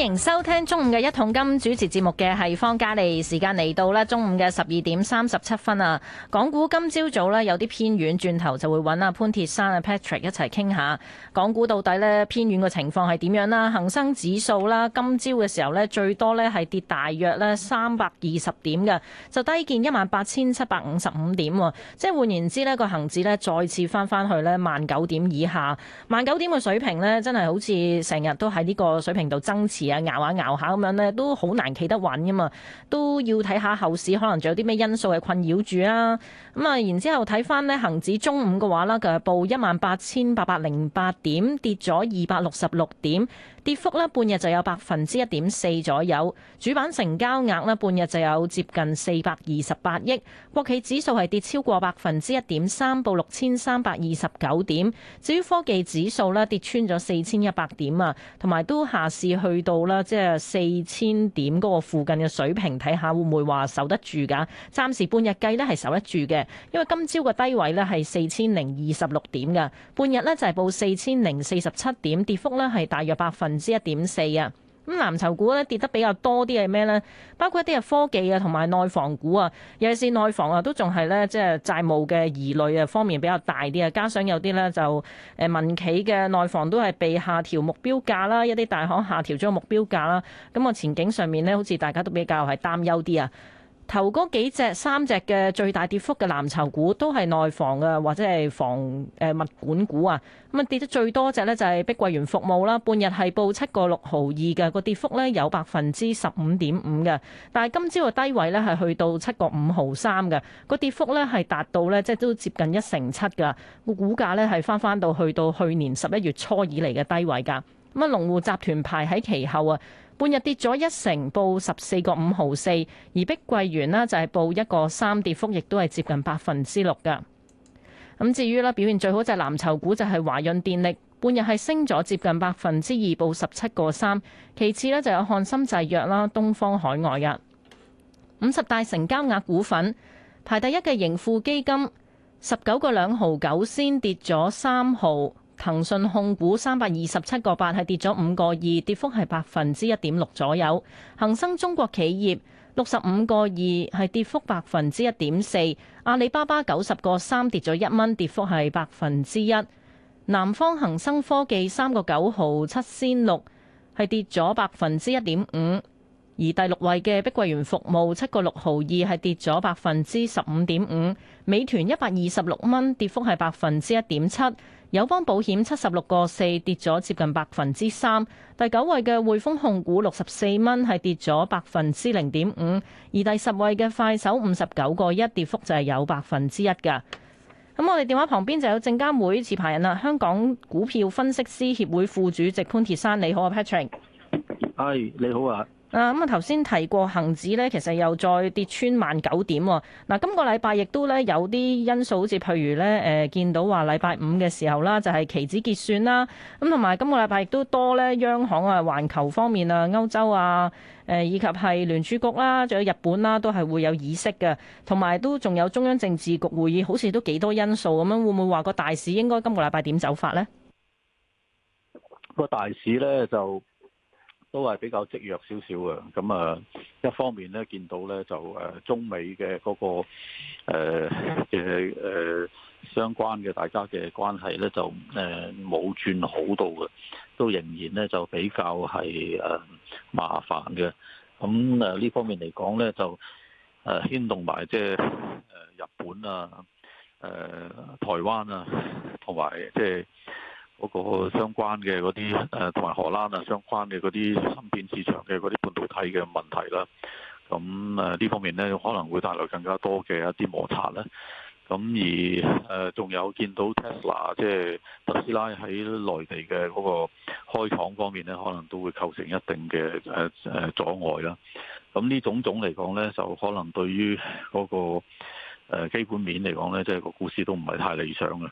歡迎收聽中午嘅一桶金主持節目嘅係方嘉莉時間嚟到咧中午嘅十二點三十七分啊！港股今朝早呢，有啲偏軟，轉頭就會揾阿潘鐵珊阿 Patrick 一齊傾下，港股到底呢？偏軟嘅情況係點樣啦？恒生指數啦，今朝嘅時候呢，最多呢係跌大約咧三百二十點嘅，就低見一萬八千七百五十五點喎，即係換言之呢個恒指呢，再次返返去呢萬九點以下，萬九點嘅水平呢，真係好似成日都喺呢個水平度增持。咬下咬下咁樣呢，都好難企得穩噶嘛，都要睇下後市可能仲有啲咩因素係困擾住啦。咁啊，然之後睇翻呢恆指中午嘅話咧，就係報一萬八千八百零八點，跌咗二百六十六點。跌幅呢，半日就有百分之一點四左右，主板成交額呢，半日就有接近四百二十八億。國企指數係跌超過百分之一點三，報六千三百二十九點。至於科技指數呢，跌穿咗四千一百點啊，同埋都下市去到啦即係四千點嗰個附近嘅水平，睇下會唔會話守得住噶？暫時半日計咧係守得住嘅，因為今朝嘅低位咧係四千零二十六點嘅，半日咧就係報四千零四十七點，跌幅咧係大約百分。百分之一點四啊，咁藍籌股咧跌得比較多啲係咩呢？包括一啲係科技啊，同埋內房股啊，尤其是內房啊，都仲係咧即係債務嘅疑慮啊方面比較大啲啊，加上有啲咧就誒民企嘅內房都係被下調目標價啦，一啲大行下調咗目標價啦，咁個前景上面呢，好似大家都比較係擔憂啲啊。頭嗰幾隻三隻嘅最大跌幅嘅藍籌股都係內房嘅或者係房誒、呃、物管股啊，咁啊，跌得最多隻呢，就係碧桂園服務啦，半日係報七個六毫二，嘅個跌幅呢有百分之十五點五嘅。但係今朝嘅低位呢，係去到七個五毫三，嘅個跌幅呢係達到呢，即係都接近一成七，㗎個股價呢，係返返到去到去年十一月初以嚟嘅低位㗎。咁啊，龍湖集團排喺其後啊，半日跌咗一成，報十四個五毫四；而碧桂園呢，就係報一個三，跌幅亦都係接近百分之六噶。咁至於啦，表現最好就係藍籌股，就係華潤電力，半日係升咗接近百分之二，報十七個三。其次呢，就有漢森製藥啦、東方海外㗎。五十大成交額股份排第一嘅盈富基金，十九個兩毫九先跌咗三毫。騰訊控股三百二十七個八係跌咗五個二，跌幅係百分之一點六左右。恒生中國企業六十五個二係跌幅百分之一點四。阿里巴巴九十個三跌咗一蚊，跌幅係百分之一。南方恒生科技三個九毫七仙六係跌咗百分之一點五，而第六位嘅碧桂園服務七個六毫二係跌咗百分之十五點五。美團一百二十六蚊，跌幅係百分之一點七。友邦保險七十六個四跌咗接近百分之三，第九位嘅匯豐控股六十四蚊係跌咗百分之零點五，而第十位嘅快手五十九個一跌幅就係有百分之一㗎。咁我哋電話旁邊就有證監會持牌人啦，香港股票分析師協會副主席潘鐵珊，你好啊 Patrick。Hi，你好啊。啊，咁啊，頭先提過恒指咧，其實又再跌穿萬九點喎。嗱、啊，今個禮拜亦都咧有啲因素，好似譬如咧，誒、呃，見到話禮拜五嘅時候啦，就係、是、期指結算啦。咁同埋今個禮拜亦都多咧，央行啊、環球方面啊、歐洲啊、誒、呃、以及係聯儲局啦、啊，仲有日本啦、啊，都係會有議息嘅。同埋都仲有中央政治局會議，好似都幾多因素咁樣、啊，會唔會話個大市應該今個禮拜點走法呢？個大市咧就。都係比較積弱少少嘅，咁啊，一方面咧，見到咧就誒中美嘅嗰、那個誒誒、呃呃、相關嘅大家嘅關係咧，就誒冇轉好到嘅，都仍然咧就比較係誒麻煩嘅。咁誒呢方面嚟講咧，就誒牽動埋即係誒日本啊、誒、呃、台灣啊，同埋即係。嗰個相關嘅嗰啲誒，同埋荷蘭啊相關嘅嗰啲芯片市場嘅嗰啲半導體嘅問題啦，咁誒呢方面呢，可能會帶來更加多嘅一啲摩擦咧。咁而誒仲有見到 Tesla 即係特斯拉喺內地嘅嗰個開廠方面呢，可能都會構成一定嘅誒誒阻礙啦。咁呢種種嚟講呢，就可能對於嗰個。誒基本面嚟講呢，即係個股市都唔係太理想嘅。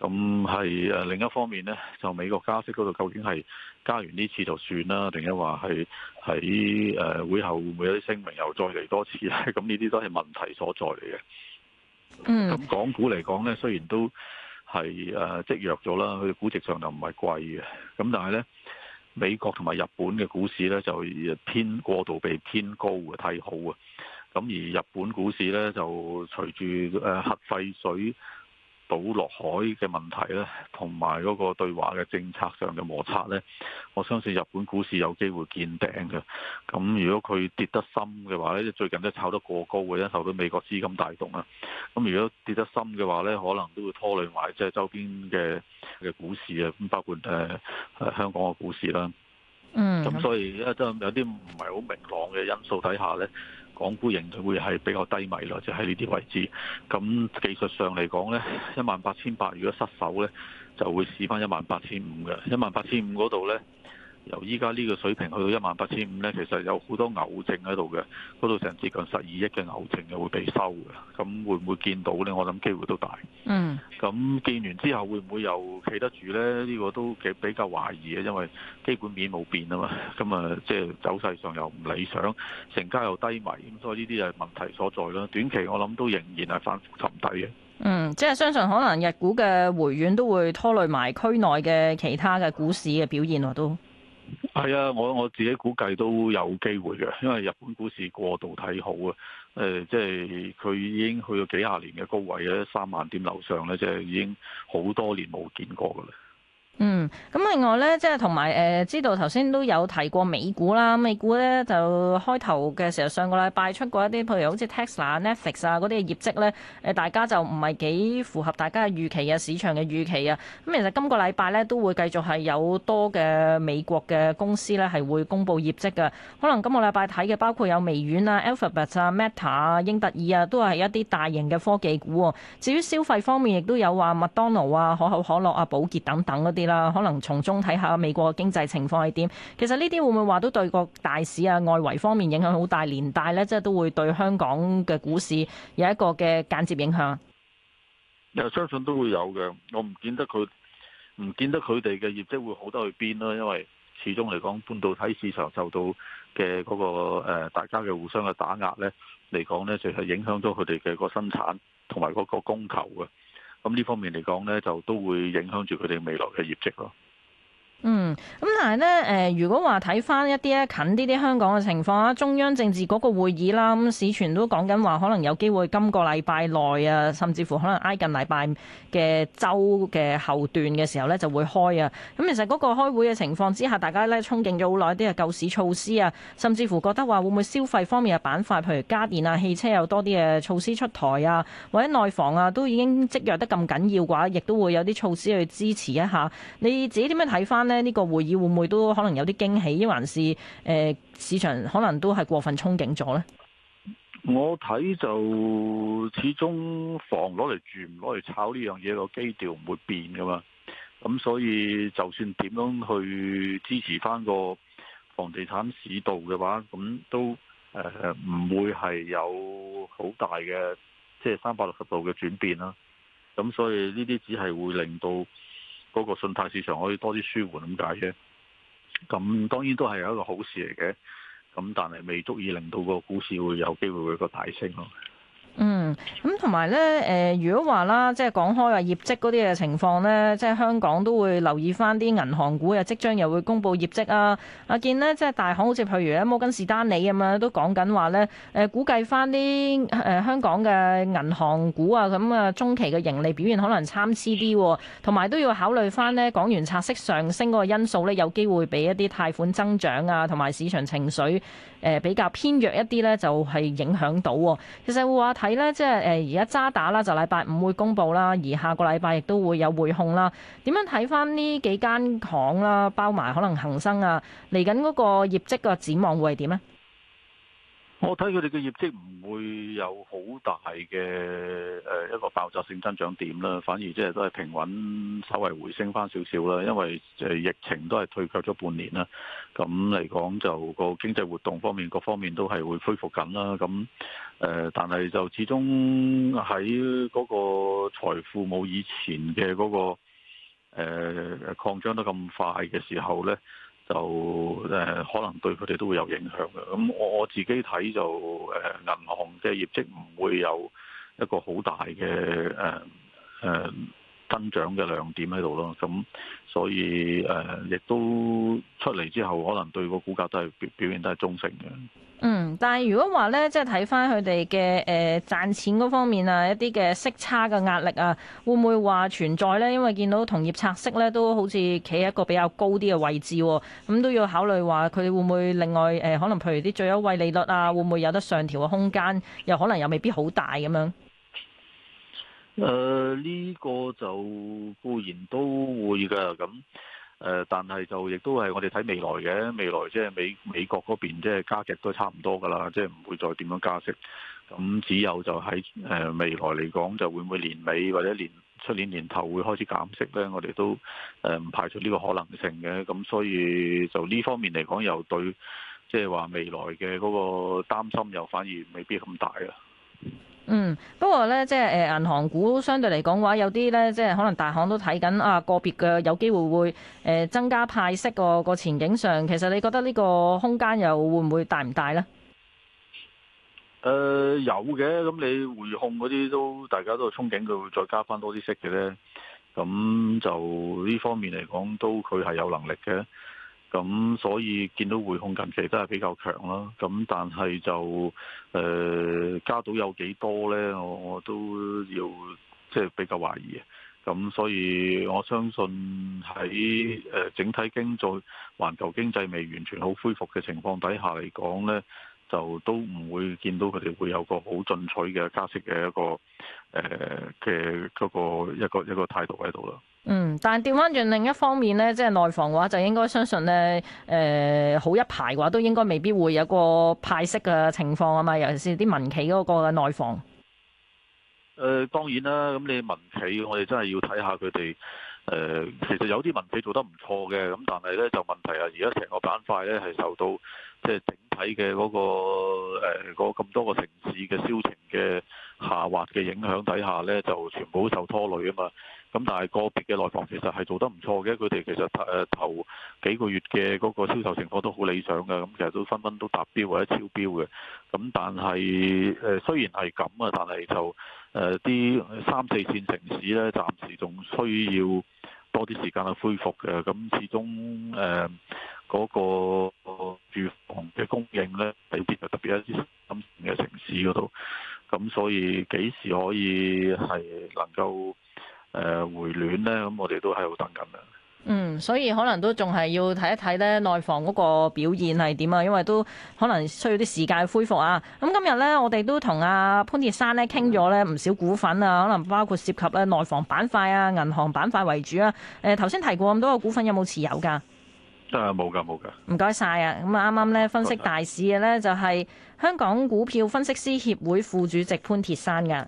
咁係誒另一方面呢，就美國加息嗰度究竟係加完呢次就算啦，定係話係喺誒會後會唔會有啲聲明又再嚟多次咧？咁呢啲都係問題所在嚟嘅。咁港股嚟講呢雖然都係誒積弱咗啦，佢估值上又唔係貴嘅。咁但係呢，美國同埋日本嘅股市呢，就偏過度被偏高嘅睇好啊。咁而日本股市咧，就隨住誒核廢水倒落海嘅問題咧，同埋嗰個對華嘅政策上嘅摩擦咧，我相信日本股市有機會見頂嘅。咁如果佢跌得深嘅話咧，最近都炒得過高嘅咧，因為受到美國資金帶動啊。咁如果跌得深嘅話咧，可能都會拖累埋即係周邊嘅嘅股市啊。咁包括誒香港嘅股市啦。嗯、mm。咁、hmm. 所以而家真係有啲唔係好明朗嘅因素底下咧。港股型佢會係比較低迷咯，即係呢啲位置。咁技術上嚟講咧，一萬八千八如果失守咧，就會試翻一萬八千五嘅，一萬八千五嗰度咧。由依家呢個水平去到一萬八千五呢，其實有好多牛證喺度嘅，嗰度成接近十二億嘅牛證又會被收嘅。咁會唔會見到呢？我諗機會都大。嗯。咁見完之後會唔會又企得住呢？呢個都幾比較懷疑嘅，因為基本面冇變啊嘛。咁啊，即係走勢上又唔理想，成交又低迷，咁所以呢啲就係問題所在啦。短期我諗都仍然係反覆尋底嘅。嗯，即係相信可能日股嘅回軟都會拖累埋區內嘅其他嘅股市嘅表現喎，都。係啊，我我自己估計都有機會嘅，因為日本股市過度睇好啊。誒、呃、即係佢已經去到幾廿年嘅高位，一三萬點樓上咧，即係已經好多年冇見過嘅啦。嗯。咁、嗯、另外咧，即係同埋誒，知道頭先都有提過美股啦。美股咧就開頭嘅時候，上個禮拜出過一啲，譬如好似 Tesla、Netflix 啊嗰啲業績咧，誒大家就唔係幾符合大家嘅預期啊，市場嘅預期啊。咁其實今個禮拜咧都會繼續係有多嘅美國嘅公司咧，係會公布業績嘅。可能今個禮拜睇嘅包括有微軟啊、Alphabet 啊、Meta 啊、英特爾啊，都係一啲大型嘅科技股啊。至於消費方面，亦都有話麥當勞啊、可口可樂啊、寶潔等等嗰啲啦。可能從中睇下美國嘅經濟情況係點，其實呢啲會唔會話都對個大市啊、外圍方面影響好大，連帶呢，即係都會對香港嘅股市有一個嘅間接影響。又相信都會有嘅，我唔見得佢唔見得佢哋嘅業績會好得去邊咯，因為始終嚟講，半導體市場受到嘅嗰個誒大家嘅互相嘅打壓呢，嚟講呢，就係影響咗佢哋嘅個生產同埋嗰個供求嘅。咁呢方面嚟講呢，就都會影響住佢哋未來嘅業績咯。嗯，咁但係咧，誒、呃，如果話睇翻一啲咧近啲啲香港嘅情況啊，中央政治局個會議啦，咁市傳都講緊話可能有機會今個禮拜內啊，甚至乎可能挨近禮拜嘅周嘅後段嘅時候咧就會開啊。咁其實嗰個開會嘅情況之下，大家咧憧憬咗好耐啲嘅救市措施啊，甚至乎覺得話會唔會消費方面嘅板塊譬如家電啊、汽車有多啲嘅措施出台啊，或者內房啊，都已經積弱得咁緊要嘅話亦都會有啲措施去支持一下。你自己點樣睇翻咧？呢個會議會唔會都可能有啲驚喜，抑或是市場可能都係過分憧憬咗呢？我睇就始終房攞嚟住唔攞嚟炒呢樣嘢，個基調唔會變㗎嘛。咁所以就算點樣去支持返個房地產市道嘅話，咁都誒唔會係有好大嘅即係三百六十度嘅轉變啦。咁所以呢啲只係會令到嗰個信貸市場可以多啲舒緩咁解啫，咁當然都係有一個好事嚟嘅，咁但係未足以令到個股市會有機會會個大升咯。嗯。咁同埋咧，誒、呃、如果話啦，即係講開啊業績嗰啲嘅情況呢，即係香港都會留意翻啲銀行股啊，即將又會公布業績啊。啊見呢，即係大行好似譬如摩根士丹利咁樣都講緊話呢，誒、呃、估計翻啲誒香港嘅銀行股啊，咁啊中期嘅盈利表現可能參差啲，啊，同埋都要考慮翻呢，港元拆息上升嗰個因素呢，有機會俾一啲貸款增長啊，同埋市場情緒誒比較偏弱一啲呢，就係、是、影響到、啊。其實會話睇呢。即係誒，而家渣打啦，就禮拜五會公布啦，而下個禮拜亦都會有匯控啦。點樣睇返呢幾間行啦？包埋可能恒生啊，嚟緊嗰個業績個展望會係點呢？我睇佢哋嘅業績唔會有好大嘅。誒一個爆炸性增長點啦，反而即係都係平穩，稍微回升翻少少啦。因為誒疫情都係退卻咗半年啦，咁嚟講就個經濟活動方面各方面都係會恢復緊啦。咁誒、呃，但係就始終喺嗰個財富冇以前嘅嗰、嗰個誒、呃、擴張得咁快嘅時候呢，就誒、呃、可能對佢哋都會有影響嘅。咁我我自己睇就誒、呃、銀行嘅業績唔會有一個好大嘅誒誒增長嘅亮點喺度咯，咁所以誒亦、呃、都出嚟之後，可能對個股價都係表表現都係中性嘅。嗯，但係如果話咧，即係睇翻佢哋嘅誒賺錢嗰方面啊，一啲嘅息差嘅壓力啊，會唔會話存在咧？因為見到同業拆息咧都好似企喺一個比較高啲嘅位置，啊，咁都要考慮話佢哋會唔會另外誒、呃、可能譬如啲最優惠利率啊，會唔會有得上調嘅空間？又可能又未必好大咁樣。誒，呢、uh, 個就固然都會噶，咁誒、呃，但係就亦都係我哋睇未來嘅，未來即係美美國嗰邊即係加息都差唔多噶啦，即係唔會再點樣加息，咁只有就喺誒、呃、未來嚟講，就會唔會年尾或者年出年年頭會開始減息咧？我哋都誒唔排除呢個可能性嘅，咁所以就呢方面嚟講，又對即係話未來嘅嗰個擔心又反而未必咁大啦。嗯，不過咧，即係誒，銀行股相對嚟講嘅話，有啲咧，即係可能大行都睇緊啊，個別嘅有機會會誒增加派息個、嗰個前景上，其實你覺得呢個空間又會唔會大唔大咧？誒、呃，有嘅，咁你匯控嗰啲都，大家都憧憬佢會再加翻多啲息嘅咧，咁就呢方面嚟講，都佢係有能力嘅。咁所以見到匯控近期都係比較強啦，啊，咁但係就誒、呃、加到有幾多咧，我我都要即係、就是、比較懷疑。咁所以我相信喺誒整體經濟環球經濟未完全好恢復嘅情況底下嚟講咧，就都唔會見到佢哋會有個好進取嘅加息嘅一個誒嘅嗰個一個一個態度喺度啦。嗯，但係掉返轉另一方面呢，即係內房嘅話就應該相信呢，誒、呃、好一排嘅話都應該未必會有個派息嘅情況啊嘛，尤其是啲民企嗰個嘅內房。誒、呃，當然啦，咁你民企我哋真係要睇下佢哋。誒、呃，其實有啲民企做得唔錯嘅，咁但係呢就問題啊，而家成個板塊呢係受到即係整體嘅嗰、嗰個咁、呃、多個城市嘅銷情嘅下滑嘅影響底下呢，就全部都受拖累啊嘛。咁但係個別嘅內房其實係做得唔錯嘅，佢哋其實誒頭幾個月嘅嗰個銷售情況都好理想嘅，咁其實都紛紛都達標或者超標嘅。咁但係誒、呃、雖然係咁啊，但係就。誒，啲、呃、三四綫城市咧，暫時仲需要多啲時間去恢復嘅。咁、嗯、始終誒，嗰、呃嗰個住房嘅供應咧，特就特別一啲咁嘅城市嗰度，咁、嗯、所以幾時可以係能夠誒、呃、回暖咧？咁、嗯、我哋都喺度等緊啦。嗯，所以可能都仲係要睇一睇咧，內房嗰個表現係點啊？因為都可能需要啲時間恢復啊。咁今日咧，我哋都同阿潘鐵珊咧傾咗咧唔少股份啊，可能包括涉及咧內房板塊啊、銀行板塊為主啊。誒、呃，頭先提過咁多個股份，有冇持有噶？誒，冇噶，冇噶。唔該晒啊！咁啊，啱啱咧分析大市嘅咧，就係香港股票分析師協會副主席潘鐵珊嘅。